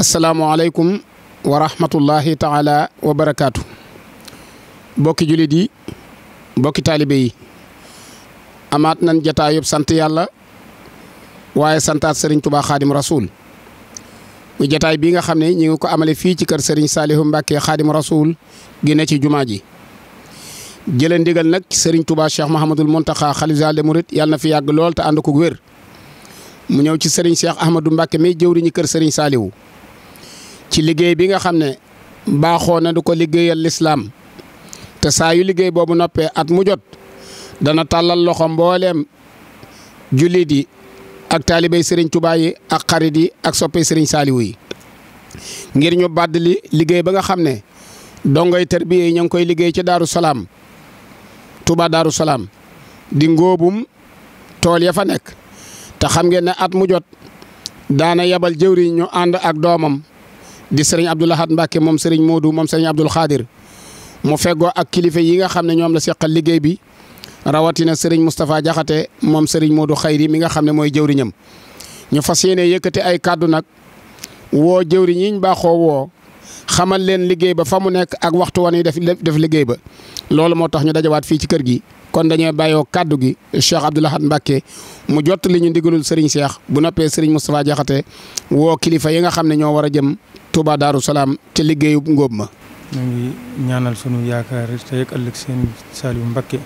asalaamualeykum wa rahmatullahi taala wa barakaatu bokki jullit yi bokki taalibe yi amaat nan jataa yëpp sant yàlla waaye santaat sëriñ tubaa xaadim rasul mu jataay bii nga xam ne ñi ngi ko amale fii ci kër sëriñ saalihu mbàkke xaadim rasul génne ci jumaa ji jële ndigal nag sëriñ tubaa cheikh mahamadul montaxa xalif général des mourides yàlla na fi yàgg lool te ànd ko wér mu ñëw ci sëriñ cheikh ahmadou mbàkke mi jëwriñu kër sëriñ saalihu ci liggéey bi nga xam ne baaxoo na du ko liggéeyal lislaam te saayu liggéey boobu noppee at mu jot dana tàllal loxo mbooleem jullit yi ak taalibey sëriñ Tuubaa yi ak xarit yi ak soppe sëriñ saaliwu yi ngir ñu bàddali liggéey ba nga xam ne dongoy tarbiya yi ña ngi koy liggéey ci daaru salaam Tuubaa daaru salaam di ngóobum tool ya fa nekk te xam ngeen ne at mu jot daana yabal jëwriñ ñu ànd ak doomam di sëriñ Abdoul Ahad Mbacke moom seriñ Modou moom sëriñ Abdoul Khadir mu fegoo ak kilifa yi nga xam ne ñoom la seqal liggéey bi rawatina sëriñ Moustapha Diakhaté moom sëriñ Modou Khayri mi nga xam ne mooy jëwriñam ñu fas yéene yëkkati ay kàddu nag woo jëwriñ yi ñu baaxoo woo xamal leen liggéey ba fa mu nekk ak waxtu wan yi def def liggéey ba loolu moo tax ñu dajawaat fii ci kër gi. kon dañoo bàyyoo kàddu gi Cheikh Abdoul Ahad Mbacké mu jot li ñu ndigalul Serigne Cheikh bu noppee Serigne Moustapha Diakhaté woo kilifa yi nga xam ne ñoo war a jëm Touba Darou Salaam ci liggéeyu ngóob ma. ñu ngi ñaanal sunu yaakaar tey ak ëllëg seen Saliou Mbacké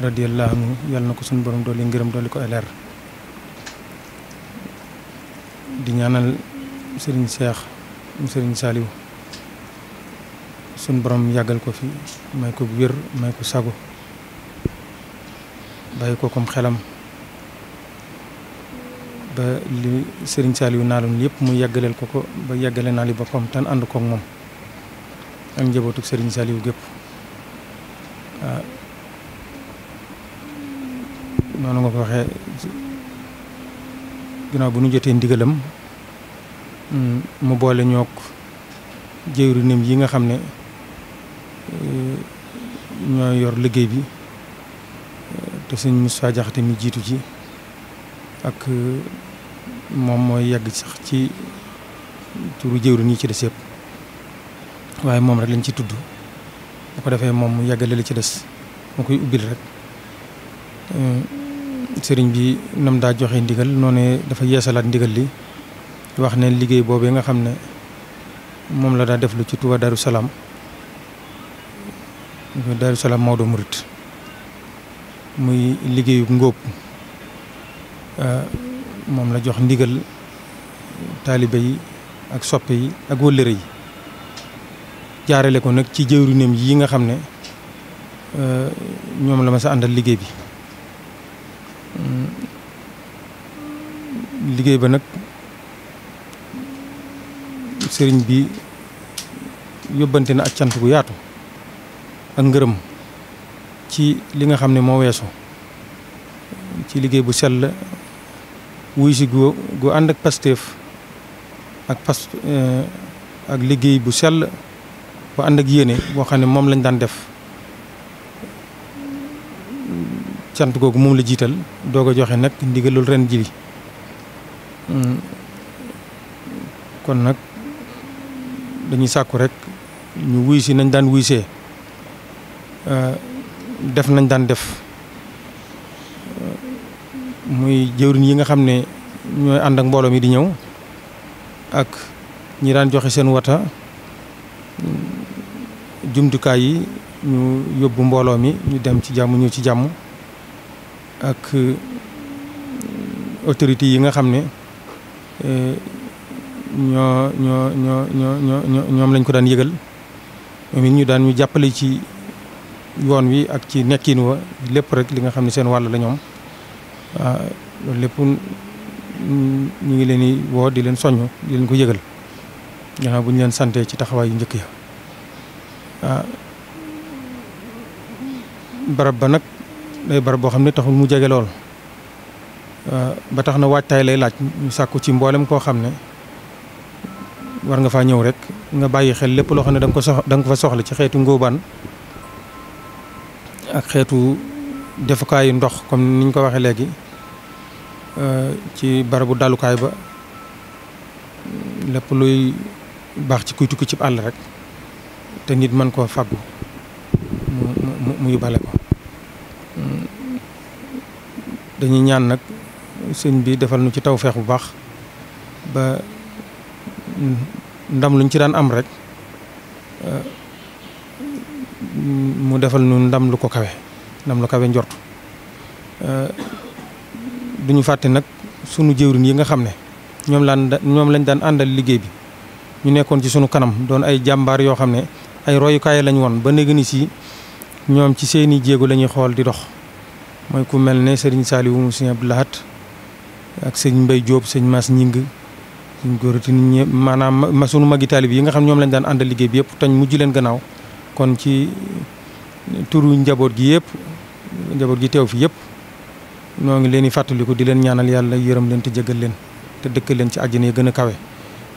radiyallahu anhu yàlla na ko sunu borom dolli ngërëm dolli ko leer di ñaanal Serigne Cheikh Serigne Saliou sunu borom yàggal ko fi may ko wér may ko sago. bàyyi ko comme xelam ba li Serigne Saliou naaloon yëpp mu yàggaleel ko ko ba yàggale naa li boppam tan ànd koog moom ak njabootu sëriñ Saliou gépp waaw ah, noonu nga ko waxee ginnaaw bu nu jotee ndigalam mm, mu boole ñoog jëwriñam yi nga xam ne eh, ñoo yor liggéey bi sëñ Moussa Diakhaté mi jiitu ji ak euh, moom mooy yàgg sax ci turu jëwriñ ñi ci des yëpp waaye moom rek lañ ci tudd bu ko defee moom mu yàggale la ci des mu koy ubbil rek euh, sëriñ bi nam daa joxe ndigal noonu dafa yeesalaat ndigal li wax ne liggéey boobee nga xam ne moom la daa def lu ci tuba Darou Salaam Darou Salaam Maodo Mouride muy liggéeyub ngóob euh, moom la jox ndigal taalibe yi ak soppe yi ak wëllëre yi jaarale ko nag ci jëwriñam yi nga xam ne euh, ñoom la ma sa àndal liggéey bi hmm, liggéey ba nag sëriñ bi yóbbante na ak cant gu yaatu ak ngërëm ci li nga xam ne moo weesu ci liggéey bu sell wuy si gu gu ànd ak pasteef ak pas eh, ak liggéey bu sell bu ànd ak yéene boo xam ne moom lañ daan def cant googu moom la jiital doo ko joxe nag ndigalul ren ji kon nag dañuy sàkku rek ñu wuy nañ daan wuysee eh, def nañ daan def muy jëwriñ yi nga xam ne ñooy ànd ak mbooloo mi di ñëw ak ñi daan joxe seen wata jumtukaay yi ñu yóbbu mbooloo mi ñu dem ci jàmm ñu ci jàmm ak autorités yi nga xam ne e, ñoo ñoo ñoo ñoo ñoom lañ ko daan yëgal ñoom it ñu daan ñu jàppale ci. yoon wi ak ci nekkin wa lépp rek li nga xam ne seen wàll lañoom ñoom ah, loolu lépp ñu ngi leen di woo di leen soññ di leen ko yëgal gannaaw bu ñu leen sante ci taxawaay yu njëkk ya ah, barab ba nag day barab boo xam ne taxul mu jege lool ah, ba tax na waajtaay lay laaj ñu sàkku ci mboolem koo xam ne war nga faa ñëw rek nga bàyyi xel lépp loo xam ne da nga ko sox da nga soxla ci xeetu ngóobaan ak xeetu defukaayu ndox comme niñ ko waxee léegi euh, ci barabu dalukaay ba lépp luy baax ci kuy tukki ci àll rek te nit mën koo fàggu mu mu mu yóbbaale ko dañuy ñaan nag sëñ bii defal nu ci tawfeex bu baax ba ndam luñ ci daan am rek. Euh, mu defal nu ndam lu ko kawe ndam lu kawe njort euh, duñu fàtte nag sunu jëwrin yi nga xam ne ñoom laan ñoom lañ daan àndal liggéey bi ñu nekkoon ci sunu kanam doon ay jàmbaar yoo xam ne ay royukaay lañ woon ba néeg ni si ñoom ci seeni jéego la ñuy xool di dox mooy ku mel ne sëriñ Saliou mu sëriñ Abdou laat ak sëñ Mbay Jóob sëñ Maas Ñing suñ góorati nit ñi maanaam ma sunu magi taalib yi nga xam ñoom lañ daan àndal liggéey bi yëpp tañ mujj leen gannaaw kon ci turu njaboot gi yëpp njaboot gi teew fi yëpp noo ngi leen di fàttaliku di leen ñaanal yàlla yërëm leen te jéggal leen te dëkkal leen ci àjjana yi gën a kawe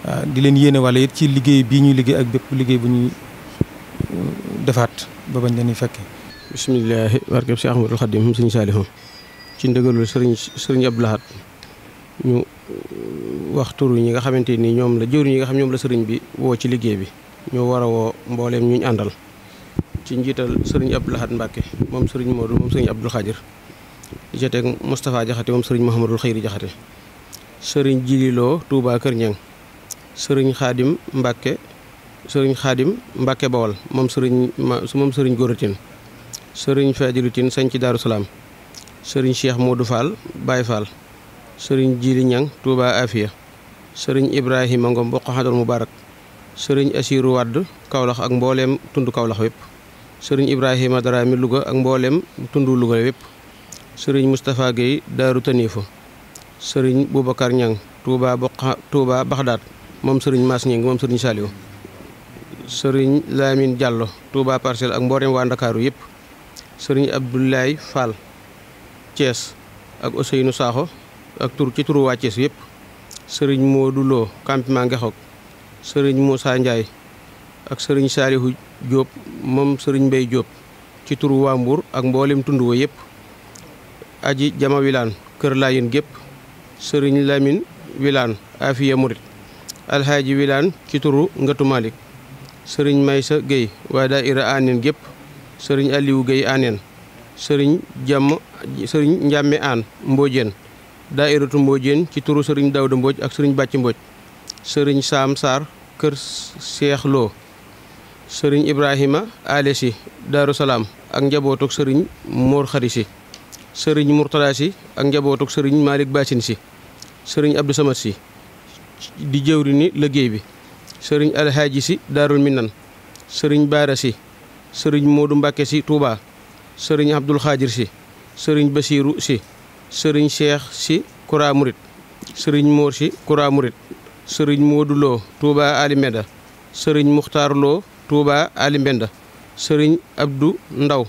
ah, di leen yéene wala it ci liggéey bii ñuy liggéey ak bépp liggéey bu ñuy defaat ba bañ leen fekke bismillaahi barkeb si Ahmadul Xadim moom sëñ Saaliham ci ndëgalul sëriñ sëriñ Abdou Lahad ñu wax turu ñi nga xamante ni ñoom la jëwriñ ñi nga xam ñoom la sëriñ bi woo ci liggéey bi ñu war a woo mbooleem ñu àndal ci njiital sëriñ Abdou Lahad Mbacke moom sëriñ Modou moom sëriñ Abdou Khadir di ca teg Moustapha Jaxate moom sëriñ Mouhamadul Xayri Jaxate sëriñ Jililoo Touba Kër Ñang sëriñ Xaadim Mbacke sëriñ Xaadim Mbacke Bawal moom sëriñ ma moom sëriñ Góoratin sëriñ Faadilutin sañ ci Daaru Salaam sëriñ Cheikh Modou Fall Baye Fall sëriñ Jili Ñang Touba Afia sëriñ Ibrahima Ngom Bokk Xadul Mubaarak sëriñ Asiiru Wàdd Kawlax ak mbooleem tund Kawlax wépp sëriñ Ibrahima Dara mi Louga ak mboolem tundu Louga yépp sëriñ Moustapha Guèye Daaru Taniifa sëriñ Boubacar Niang Touba Boqa moom sëriñ Mass Niang moom sëriñ Saliou sëriñ Lamine Diallo Touba Parcelles ak mboolem waa Ndakaaru yépp sëriñ Abdoulaye Fall Thiès ak Ousseynou Sakho ak tur ci turu waa Thiès yépp sëriñ Modou Lo campement Ngexok sëriñ Moussa Ndiaye ak sëriñ Saalihu Jóob moom sëriñ Mbay Jóob ci turu waa Mbuur ak mboolem tund wa yëpp aji jama wilaan kër laayin gépp sëriñ Lamin wilaan afiya murit alxaaji wilaan ci turu ngatu Malik sëriñ Maysa Géy waa daayira aaneen gépp sëriñ Aliwu Géy aaneen sëriñ jàmm sëriñ njàmme aan mboojeen daairatu mboojeen ci turu sëriñ Daawda Mbooj ak sëriñ Bàcci Mbooj sëriñ Saam Saar kër Seex sëriñ Ibrahima Aale si Daaru Salaam ak njabootug sëriñ Mor Xari si sëriñ Mourtada si ak njabootug sëriñ Malick Baasin si sëriñ Abdou Samad si di jëwri ni liggéey bi sëriñ Alhaaji si Daarul Minan sëriñ Baara si sëriñ Moodu Mbàkke si Touba sëriñ Abdul Xaadir si sëriñ Basiiru si sëriñ Cheikh si Kura Murit sëriñ Mor si Kura Murit sëriñ Moodu Lo Touba Alimeda sëriñ Muxtaar Lo Touba Ali Mbenda sëriñ Abdou Ndaw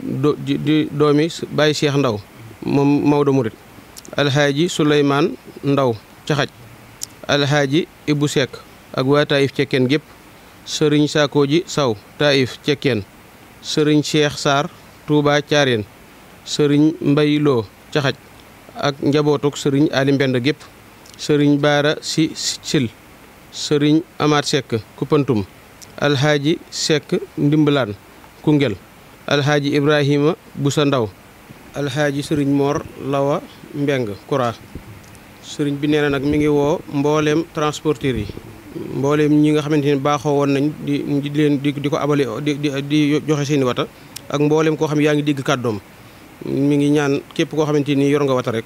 do di doomi Baye Cheikh Ndaw moom Maodo Murit alxaaji Souleymane Ndaw caxaj alxaaji Ibou Seck ak waa Taïf Cekkeen gépp sëriñ Sakooji Saw Taïf Cekkeen sëriñ Cheikh Sarr Touba Caareen sëriñ mbayloo Loo caxaj ak njabootuk sëriñ Ali Mbenda gépp sëriñ Baara Si Sil sëriñ Amaat Seck Kuppantum alxaaji Seck ndimbalaan Koungheul alxaaji Ibrahima sa Ndaw alxaaji sëriñ Mor Lawa Mbeng Kura sëriñ bi nee na nag mi ngi woo mbooleem transporteur yi mbooleem ñi nga xamante ni baaxoo woon nañ di leen di di ko abale di di joxe seeni wata ak mbooleem koo xam yaa ngi dégg kàddoom mu ngi ñaan képp koo xamante ni yor nga wata rek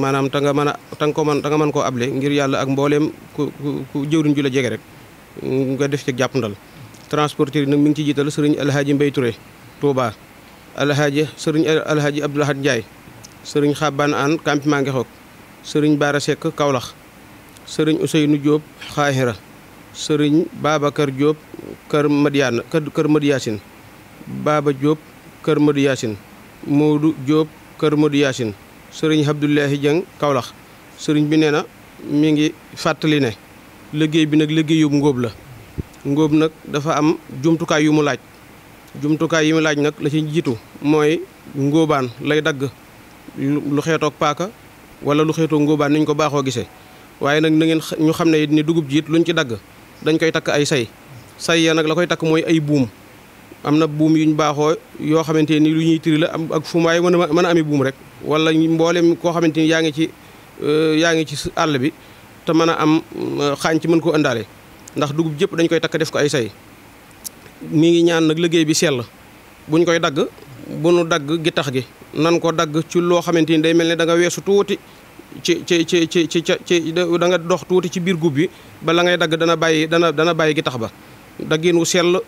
maanaam ta nga mën a ta nga mën ta mën koo able ngir yàlla ak mbooleem ku ku jëwriñ ju la jege rek nga def ci jàppandal transporteur nag mi ngi ci jital sëriñ alhaaji Mbay Touré Touba alhaaji sëriñ alhaaji Abdoulahad Ndiaye sëriñ Xabaan Aan campement Ngexoog sëriñ Baara Seck Kaolack sëriñ Ousseynou jóob Xaahira sëriñ Babacar Diop kër Madiane kër Madiasine Baba Diop kër Madiasine Modou Diop kër Madiasine sëriñ Abdoulahi Dieng Kaolack sëriñ bi nee na mi ngi fàttali ne liggéey bi nag liggéeyub ngóob la ngóob nag dafa am jumtukaay yu mu laaj jumtukaay yu mu laaj nag la ci jiitu mooy ngóobaan lay dagg lu xeetoog paaka wala lu xeetoo ngóobaan ni ñu ko baaxoo gisee waaye nag na ngeen ñu xam ne ni dugub jiit luñ ci dagg dañ koy takk ay say say ya nag la koy takk mooy ay buum am na buum yuñ baaxoo yoo xamante ni lu ñuy tiri la ak fu maay mën a mën a amee buum rek wala mboolem koo xamante ni yaa ngi ci euh, yaa ngi ci àll bi te mën a am euh, xaañ ci mën koo indaale ndax dugub jëpp dañ koy takk def ko ay say mi ngi ñaan nag liggéey bi sell buñ koy dagg bu nu dagg gi gi nan ko dagg ci loo xamante ni day mel ne da nga weesu tuuti ci ci ci ci ci ci da nga dox tuuti ci biir gub bi ba ngay dagg dana bàyyi dana dana bàyyi gi tax ba daggin wu sell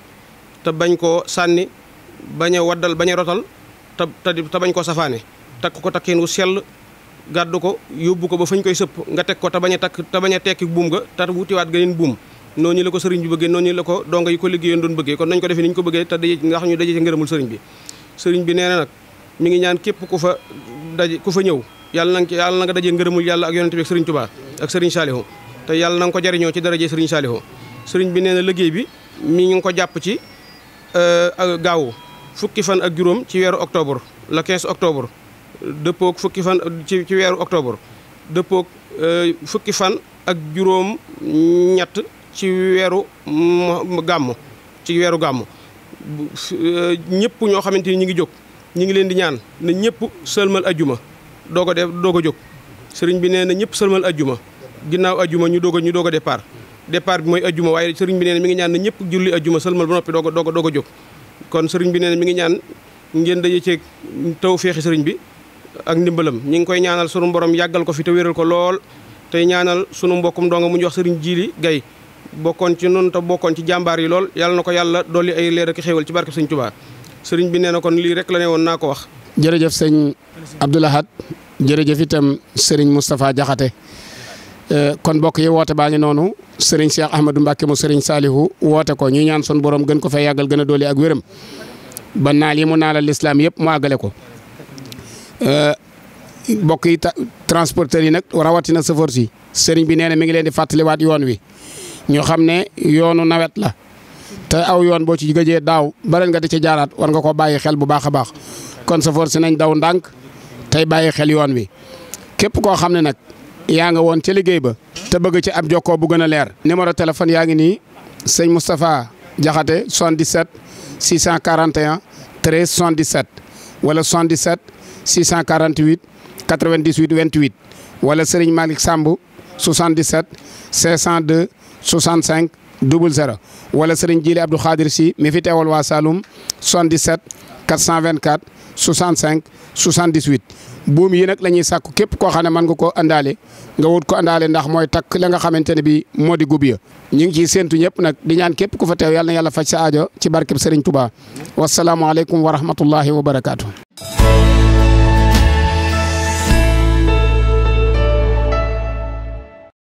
te bañ koo sànni bañ a waddal bañ a rotal te te bañ koo safaane takk ko takkin wu sell gàdd ko yóbbu ko ba fañ koy sëpp nga teg ko te bañ a takk te bañ a tekki buum ga te wutiwaat geneen buum noonu la ko sëriñ bi bëggee noonu la ko donga yi ko liggéeyoon doon bëggee kon nañ ko defee ni ñu ko bëggee te daje nga xam sëriñ bi sëriñ bi nee na nag mi ngi ñaan képp ku fa daje ku fa ñëw yàlla na yàlla na nga dajee ngërëmul yàlla ak yonente bi ak sëriñ Tuubaa ak sëriñ Saalihu te yàlla na ko jariñoo ci daraje sëriñ Saalihu sëriñ bi neena na liggéey bi mi ngi ko jàpp ci euh, gaawu fukki fan ak juróom ci weeru octobre la 15 octobre dëppoog fukki fan ci ci weeru octobre dëppoog euh, fukki fan ak juróom ñett ci weeru gàmmu ci weeru gàmmu euh, ñëpp ñoo xamante ni ñu ngi jóg ñu ngi leen di ñaan na ñëpp sëlmal ajjuma doog a def doog a jóg sëriñ bi nee na ñëpp sëlmal ajjuma ginnaaw ajjuma ñu doog ñu doog a départ bi mooy ajjuma waaye sëriñ bi neen mi ngi ñaan na ñëpp julli ajjuma sëlmal ba noppi doog a doog kon sëriñ bi nee na mi ngi ñaan ngeen daje ceeg taw feexi sëriñ bi ak ndimbalam ñi ngi koy ñaanal sunu borom yàggal ko fi te wéral ko lool tey ñaanal sunu mbokkum donga mu ñu wax sëriñ Jili Gay bokkoon ci nun te bokkoon ci jàmbaar yi lool yal na ko yàlla dolli ay leer ak xéewal ci barke sëñ Tuubaa sëriñ bi nee na kon lii rek la ne woon naa ko wax. jërëjëf sëñ Abdou jërëjëf itam sëriñ Moustapha Diakhaté eh, kon mbokk yi woote baa ngi noonu sëriñ Cheikh Ahmadou Mbacke mu sëriñ Salihu woote ko ñu ñaan son boroom gën ko fee yàggal gën a dolli ak wéram ba naal yi mu naalal lislaam yëpp mu àggale ko. Eh, mbokk yi transporteurs yi nag rawatina chauffeurs si sëriñ bi nee na mi ngi leen di fàttaliwaat yoon wi. ñoo xam ne yoonu nawet la te aw yoon boo ci gëjee daaw ba nga di ci jaaraat war nga ko bàyyi xel bu baax a baax kon safoor si nañ daw ndànk tey bàyyi xel yoon wi képp koo xam ne nag yaa nga woon ca liggéey ba te bëgg ci ab jokkoo bu gën a leer. numéro téléphone yaa ngi nii sëñ Moustapha Diakhaté 77 641 13 77 wala 77 648 98 28 wala Serigne Malick Samb 77 502. 65 00 wala sëriñ Jili Abdou Khadir si mi fi teewal waa saalum vingt Saloum 77 424 65 78. buum yi nag la ñuy sàkku képp koo xam ne mën nga koo àndaale nga wut ko àndaale ndax mooy takk la nga xamante ne bii moo di gub ya ñu ngi ciy séentu ñëpp nag di ñaan képp ku fa teew yàlla yàlla faj sa aajo ci barkeb sëriñ Touba wasalaamualeykum wa rahmatullahi wa barakaatu.